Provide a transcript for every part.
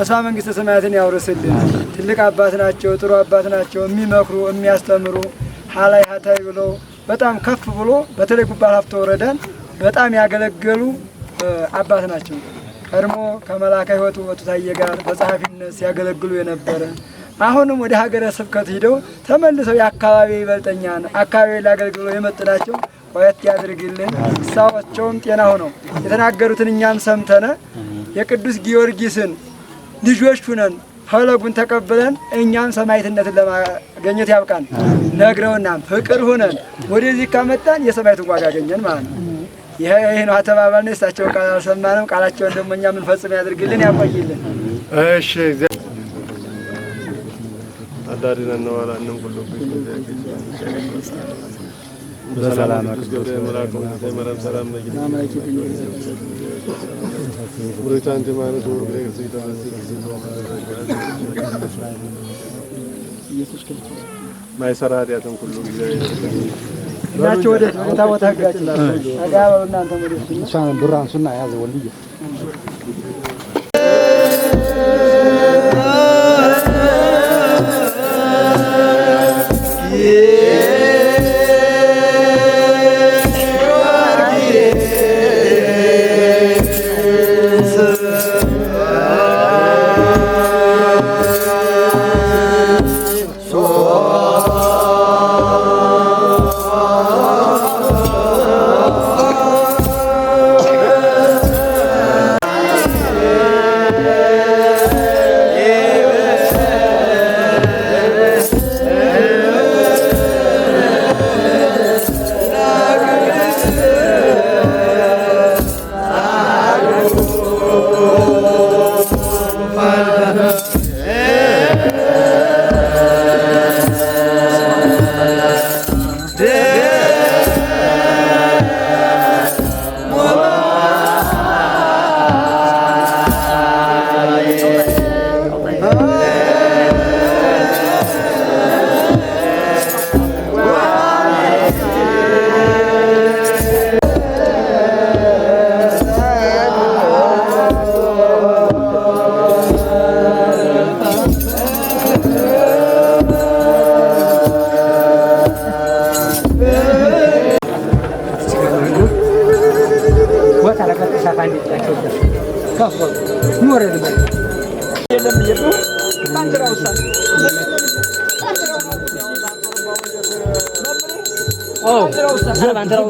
ተስፋ መንግስተ ሰማያትን ያውርስልን። ትልቅ አባት ናቸው፣ ጥሩ አባት ናቸው። የሚመክሩ የሚያስተምሩ ሀላይ ሀታይ ብለው በጣም ከፍ ብሎ በተለይ ጉባ ላፍቶ ወረዳን በጣም ያገለገሉ አባት ናቸው። ቀድሞ ከመላካ ሕይወቱ ወጡታዬ ጋር በጸሐፊነት ሲያገለግሉ የነበረ አሁንም ወደ ሀገረ ስብከት ሂደው ተመልሰው የአካባቢ ይበልጠኛን አካባቢ ላገልግለው የመጥናቸው ቆየት ያድርግልን። እሳቸውም ጤና ሆነው የተናገሩትን እኛም ሰምተነ የቅዱስ ጊዮርጊስን ልጆች ሁነን ፈለጉን ተቀብለን እኛም ሰማዕትነትን ለማገኘት ያብቃን። ነግረውና ፍቅር ሁነን ወደዚህ ካመጣን የሰማዕቱን ዋጋ አገኘን ማለት ነው። ይሄ ይሄ ነው አተባባል ነው። እሳቸው ቃል አልሰማንም። ቃላቸውን ደግሞ እኛ ፈጽም ያድርግልን፣ ያቆይልን። እሺ ሁሉ ሰላም ማይሰራ ኃጢአትን ሁሉ ናቸው። ወደ ቦታ ቦታ ህጋችን እናንተ ዱራ አንሱና ያዘ ወልዬ love. Oh, bandeira, bandeira.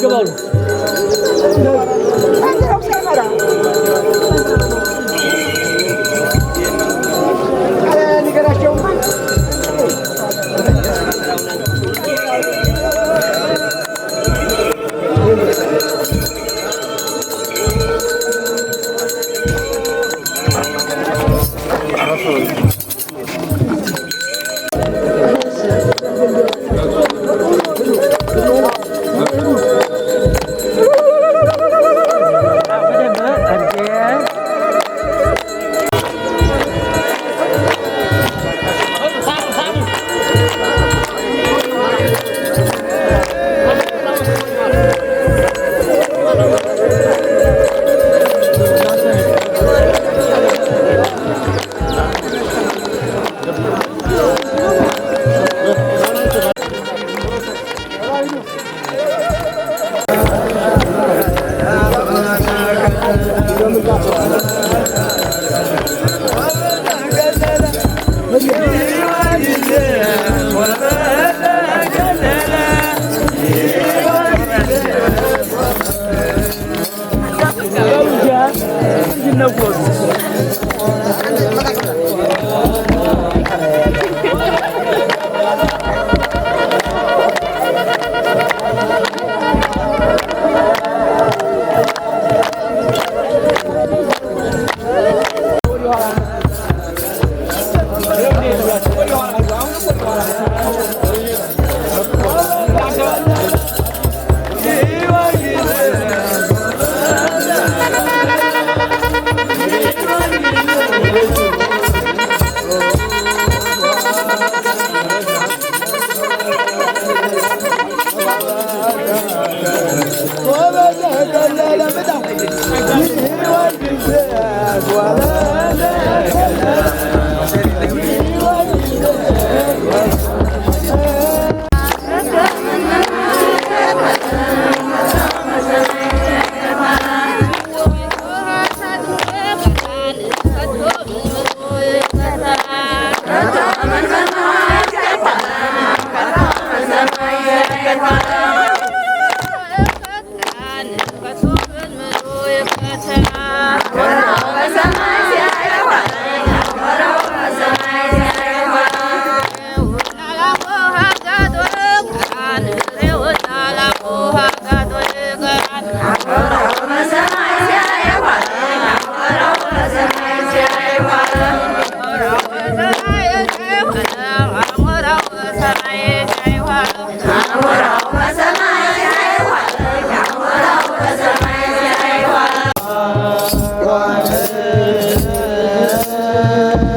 ¡Vamos! love.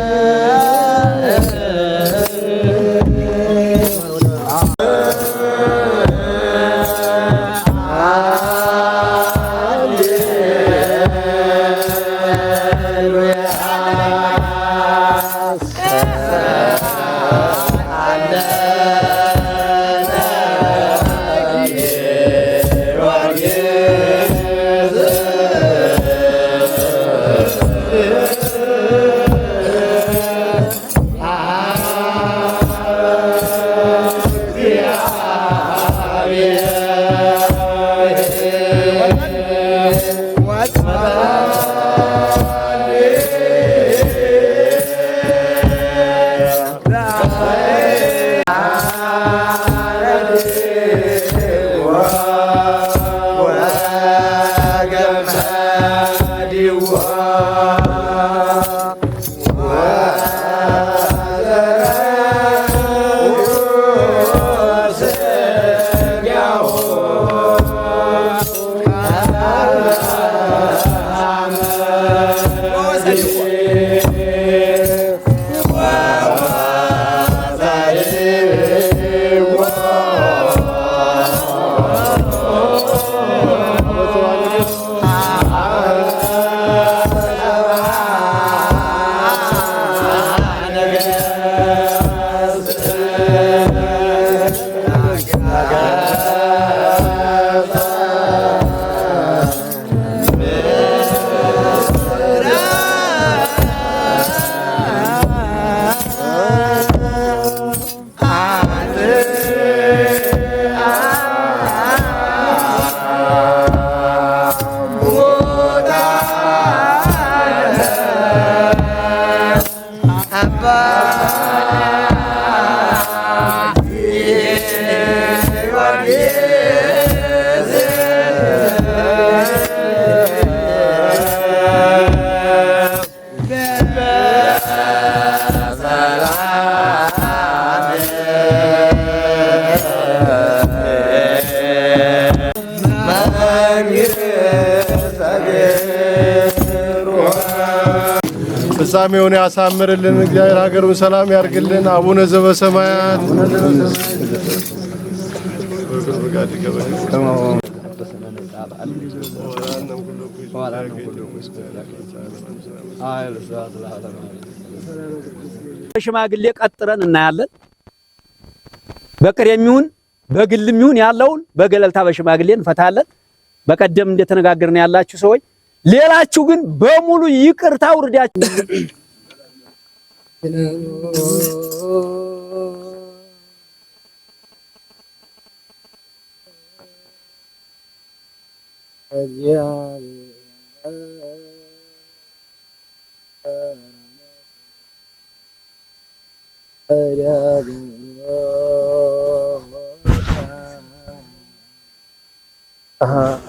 Baba. ፍጻሜውን ያሳምርልን። እግዚአብሔር ሀገሩን ሰላም ያርግልን። አቡነ ዘበሰማያት በሽማግሌ ቀጥረን እናያለን። በቅር የሚሆን በግልም ይሁን ያለውን በገለልታ በሽማግሌ እንፈታለን። በቀደም እንደተነጋገርን ያላችሁ ሰዎች ሌላችሁ ግን በሙሉ ይቅርታ ውርዳችሁ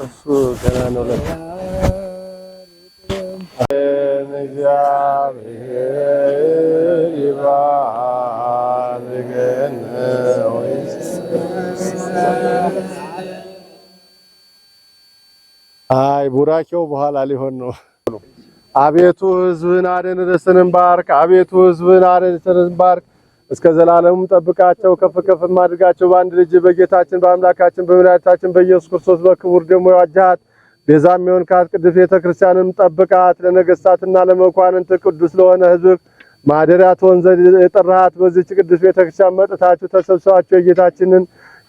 እሱ ገና ነው። አይ ቡራኬው በኋላ ሊሆን ነው። አቤቱ ሕዝብን አድን ርስትህንም ባርክ። አቤቱ ሕዝብን አድን ርስትህንም ባርክ። እስከ ዘላለሙም ጠብቃቸው ከፍ ከፍ አድርጋቸው። በአንድ ልጅ በጌታችን በአምላካችን በመድኃኒታችን በኢየሱስ ክርስቶስ በክቡር ደሙ ያዋጃት ቤዛ የሚሆን ካት ቅድስት ቤተ ክርስቲያንም ጠብቃት፣ ለነገስታትና ለመኳንንት ቅዱስ ለሆነ ህዝብ ማደሪያ ትሆን ዘንድ የጠራሃት በዚች ቅዱስ ቤተ ክርስቲያን መጥታችሁ ተሰብስባችሁ የጌታችንን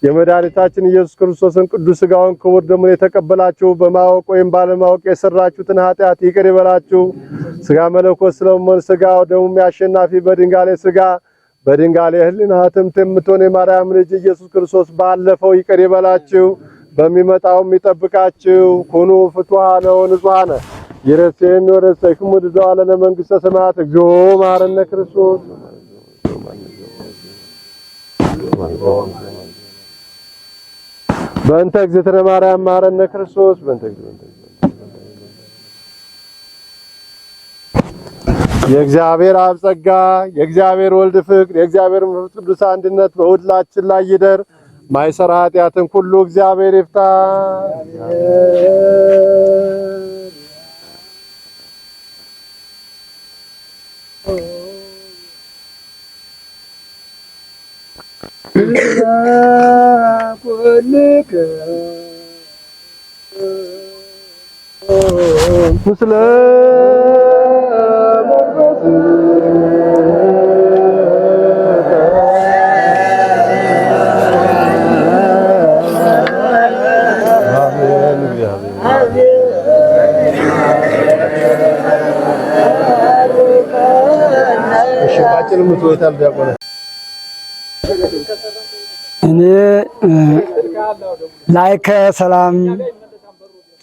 የመድኃኒታችን ኢየሱስ ክርስቶስን ቅዱስ ስጋውን ክቡር ደሙን የተቀበላችሁ በማወቅ ወይም ባለማወቅ የሰራችሁትን ኃጢአት ይቅር ይበላችሁ። ስጋ መለኮት ስለመሆን ስጋ ደሙም ያሸናፊ በድንጋሌ ስጋ በድንጋሌ ህልና ትምት የምትሆን የማርያም ልጅ ኢየሱስ ክርስቶስ ባለፈው ይቅር ይበላችሁ። በሚመጣውም ይጠብቃችሁ። ኩኑ ፍቱሃነ ወንጹሐነ ይረሴን ወረሰይክሙ ለዘለዓለ ለመንግሥተ ሰማያት እግዚኦ መሐረነ ክርስቶስ በእንተ እግዝእትነ ማርያም መሐረነ ክርስቶስ በእንተ የእግዚአብሔር አብ ጸጋ የእግዚአብሔር ወልድ ፍቅር የእግዚአብሔር መንፈስ ቅዱስ አንድነት በሁላችን ላይ ይደር። ማይሰራ ኃጢአትን ሁሉ እግዚአብሔር ይፍታ። ምስለ ሁላችን ምትወታል ዲያቆን እኔ ላይከ ሰላም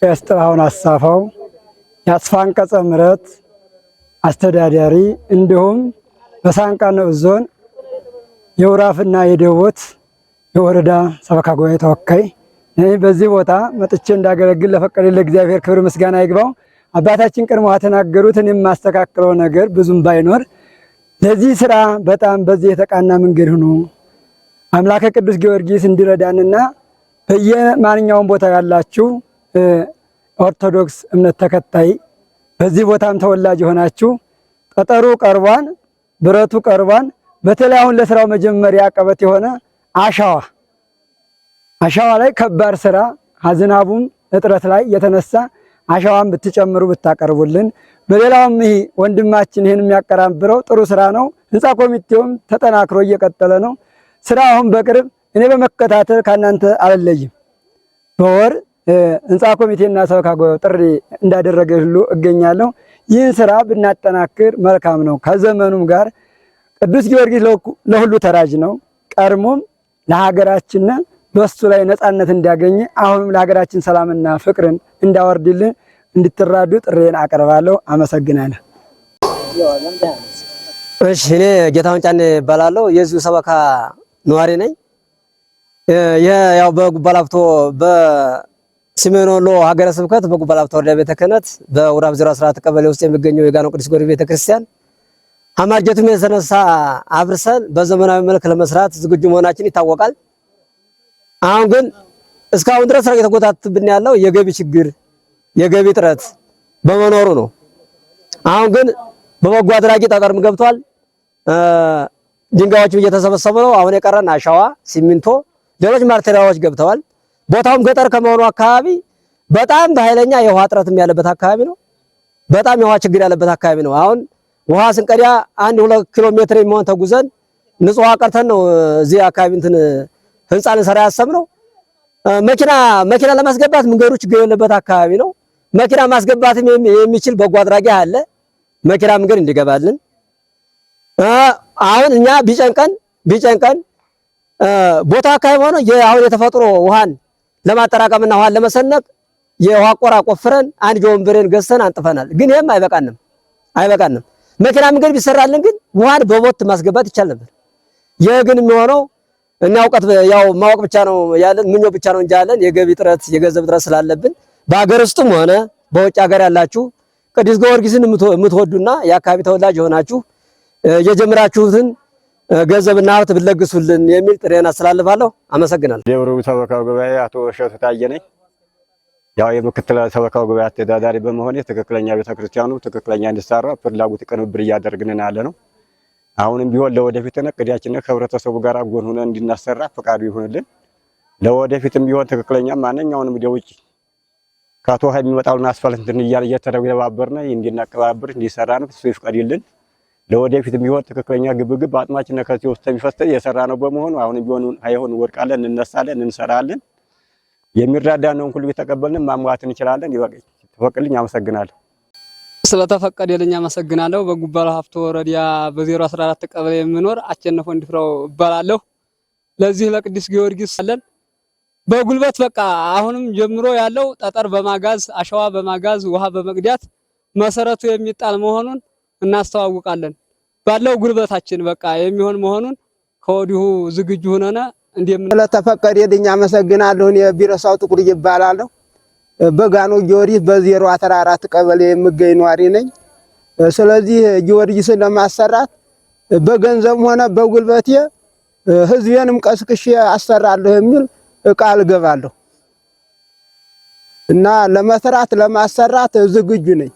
ቄስ ጥላሁን አሳፋው ምሕረት አስተዳዳሪ እንዲሁም ዞን የውራፍና የደቦት የወረዳ ሰበካ ጉባኤ ተወካይ በዚህ ቦታ መጥቼ እንዳገለግል ለፈቀደልኝ ለእግዚአብሔር ክብር ምስጋና ይግባው። አባታችን ቀድሞ ተናገሩት። እኔም የማስተካክለው ነገር ብዙም ባይኖር ለዚህ ስራ በጣም በዚህ የተቃና መንገድ ሆኖ አምላከ ቅዱስ ጊዮርጊስ እንዲረዳንና በየማንኛውም ቦታ ያላችሁ ኦርቶዶክስ እምነት ተከታይ በዚህ ቦታም ተወላጅ የሆናችሁ ጠጠሩ ቀርቧን፣ ብረቱ ቀርቧን። በተለይ አሁን ለስራው መጀመሪያ ቀበት የሆነ አሸዋ አሻዋ ላይ ከባድ ስራ ከዝናቡም እጥረት ላይ የተነሳ አሻዋን ብትጨምሩ ብታቀርቡልን በሌላውም ይህ ወንድማችን ይህን የሚያቀራብረው ጥሩ ስራ ነው። ህንፃ ኮሚቴውም ተጠናክሮ እየቀጠለ ነው። ስራ አሁን በቅርብ እኔ በመከታተል ከእናንተ አልለይም። በወር ህንፃ ኮሚቴና ሰበካ ጉባኤው ጥሪ እንዳደረገ ሁሉ እገኛለሁ። ይህን ስራ ብናጠናክር መልካም ነው። ከዘመኑም ጋር ቅዱስ ጊዮርጊስ ለሁሉ ተራጅ ነው። ቀድሞም ለሀገራችን በሱ ላይ ነፃነት እንዲያገኝ አሁንም ለሀገራችን ሰላምና ፍቅርን እንዳወርድልን እንድትራዱ ጥሬን አቀርባለሁ። አመሰግናለሁ። እሺ፣ እኔ ጌታሁን ጫን እባላለሁ። የዚሁ ሰበካ ነዋሪ ነኝ። ያው በጉባላፍቶ ላፍቶ በሰሜን ወሎ ሀገረ ስብከት በጉባላፍቶ ላፍቶ ወረዳ ቤተ ክህነት በውራብ 014 ቀበሌ ውስጥ የሚገኘው የጋኖ ቅዱስ ጊዮርጊስ ቤተ ክርስቲያን አማርጀቱም የተነሳ አፍርሰን በዘመናዊ መልክ ለመስራት ዝግጁ መሆናችን ይታወቃል። አሁን ግን እስካሁን ድረስ የተጎታተብን ያለው የገቢ ችግር የገቢ ጥረት በመኖሩ ነው። አሁን ግን በበጎ አድራጊ ጠጠርም ገብቷል። ድንጋዮችም እየተሰበሰቡ ነው። አሁን የቀረን አሸዋ፣ ሲሚንቶ፣ ሌሎች ማቴሪያሎች ገብተዋል። ቦታውም ገጠር ከመሆኑ አካባቢ በጣም በኃይለኛ የውሃ ጥረትም ያለበት አካባቢ ነው። በጣም የውሃ ችግር ያለበት አካባቢ ነው። አሁን ውሃ ስንቀዳ አንድ ሁለት ኪሎ ሜትር የሚሆን ተጉዘን ንጹህ ቀርተን ነው እዚህ አካባቢ እንትን ህንፃ ልንሰራ ያሰብነው። መኪና መኪና ለማስገባት መንገዱ ችግር ያለበት አካባቢ ነው። መኪና ማስገባትም የሚችል በጎ አድራጊ አለ። መኪና መንገድ እንዲገባልን አሁን እኛ ቢጨንቀን ቢጨንቀን ቦታ አካባቢ ሆነ አሁን የተፈጥሮ ውሃን ለማጠራቀምና ውሃን ለመሰነቅ የውሃ ቆራ ቆፍረን አንድ ጆንብሬን ገዝተን አንጥፈናል። ግን ይሄም አይበቃንም አይበቃንም። መኪና መንገድ ቢሰራልን ግን ውሃን በቦት ማስገባት ይቻል ነበር። ይህ ግን የሚሆነው እና እውቀት ያው ማወቅ ብቻ ነው ያለን ምኞ ብቻ ነው እንጂ ያለን የገቢ ጥረት የገንዘብ ጥረት ስላለብን በሀገር ውስጥም ሆነ በውጭ ሀገር ያላችሁ ቅዱስ ጊዮርጊስን የምትወዱና የአካባቢ ተወላጅ የሆናችሁ የጀመራችሁትን ገንዘብና ሀብት ብለግሱልን የሚል ጥሬን አስተላልፋለሁ። አመሰግናለሁ። ደብሩ ሰበካው ጉባኤ አቶ እሸቱ ታየ ነኝ። ያው የምክትል ሰበካው ጉባኤ አስተዳዳሪ በመሆን ትክክለኛ ቤተክርስቲያኑ ትክክለኛ እንዲሰራ ፍላጎት ቅንብር እያደረግን ያለ ነው። አሁንም ቢሆን ለወደፊት እቅዳችን ከህብረተሰቡ ጋር ጎን ሆነ እንድናሰራ ፈቃዱ ይሁንልን። ለወደፊትም ቢሆን ትክክለኛ ማንኛውንም ደውጭ ከአቶ ሀይ የሚመጣውን አስፋልት እንትን እያለ እየተደባበርን እንዲናቀባብር እንዲሰራን እሱ ይፍቀድልን። ለወደፊት የሚሆን ትክክለኛ ግብግብ አጥማችን ከዚህ ውስጥ የሚፈስተ የሰራ ነው በመሆኑ አሁን ቢሆን አይሆን ወድቃለን፣ እንነሳለን፣ እንሰራለን። የሚራዳ ነውን ሁሉ እየተቀበልን ማሟት እንችላለን። ይበቃ ተፈቅልኝ። አመሰግናለሁ። ስለተፈቀደልኝ አመሰግናለሁ። በጉባለ ሀብቶ ወረዳ በ014 ቀበሌ የምኖር አቸነፎ እንድፍራው እባላለሁ። ለዚህ ለቅዱስ ጊዮርጊስ አለን በጉልበት በቃ አሁንም ጀምሮ ያለው ጠጠር በማጋዝ አሸዋ በማጋዝ ውሃ በመቅዳት መሰረቱ የሚጣል መሆኑን እናስተዋውቃለን። ባለው ጉልበታችን በቃ የሚሆን መሆኑን ከወዲሁ ዝግጁ ሆነነ እንደምን ለተፈቀደልኝ አመሰግናለሁ። የቢረሳው ጥቁር ይባላለሁ። በጋኖ ጊዮርጊስ በዜሮ አስራ አራት ቀበሌ የምገኝ ኗሪ ነኝ። ስለዚህ ጊዮርጊስን ለማሰራት በገንዘብ ሆነ በጉልበቴ ህዝቤንም ቀስቅሼ አሰራለሁ የሚል ቃል እገባለሁ እና ለመስራት ለማሰራት ዝግጁ ነኝ።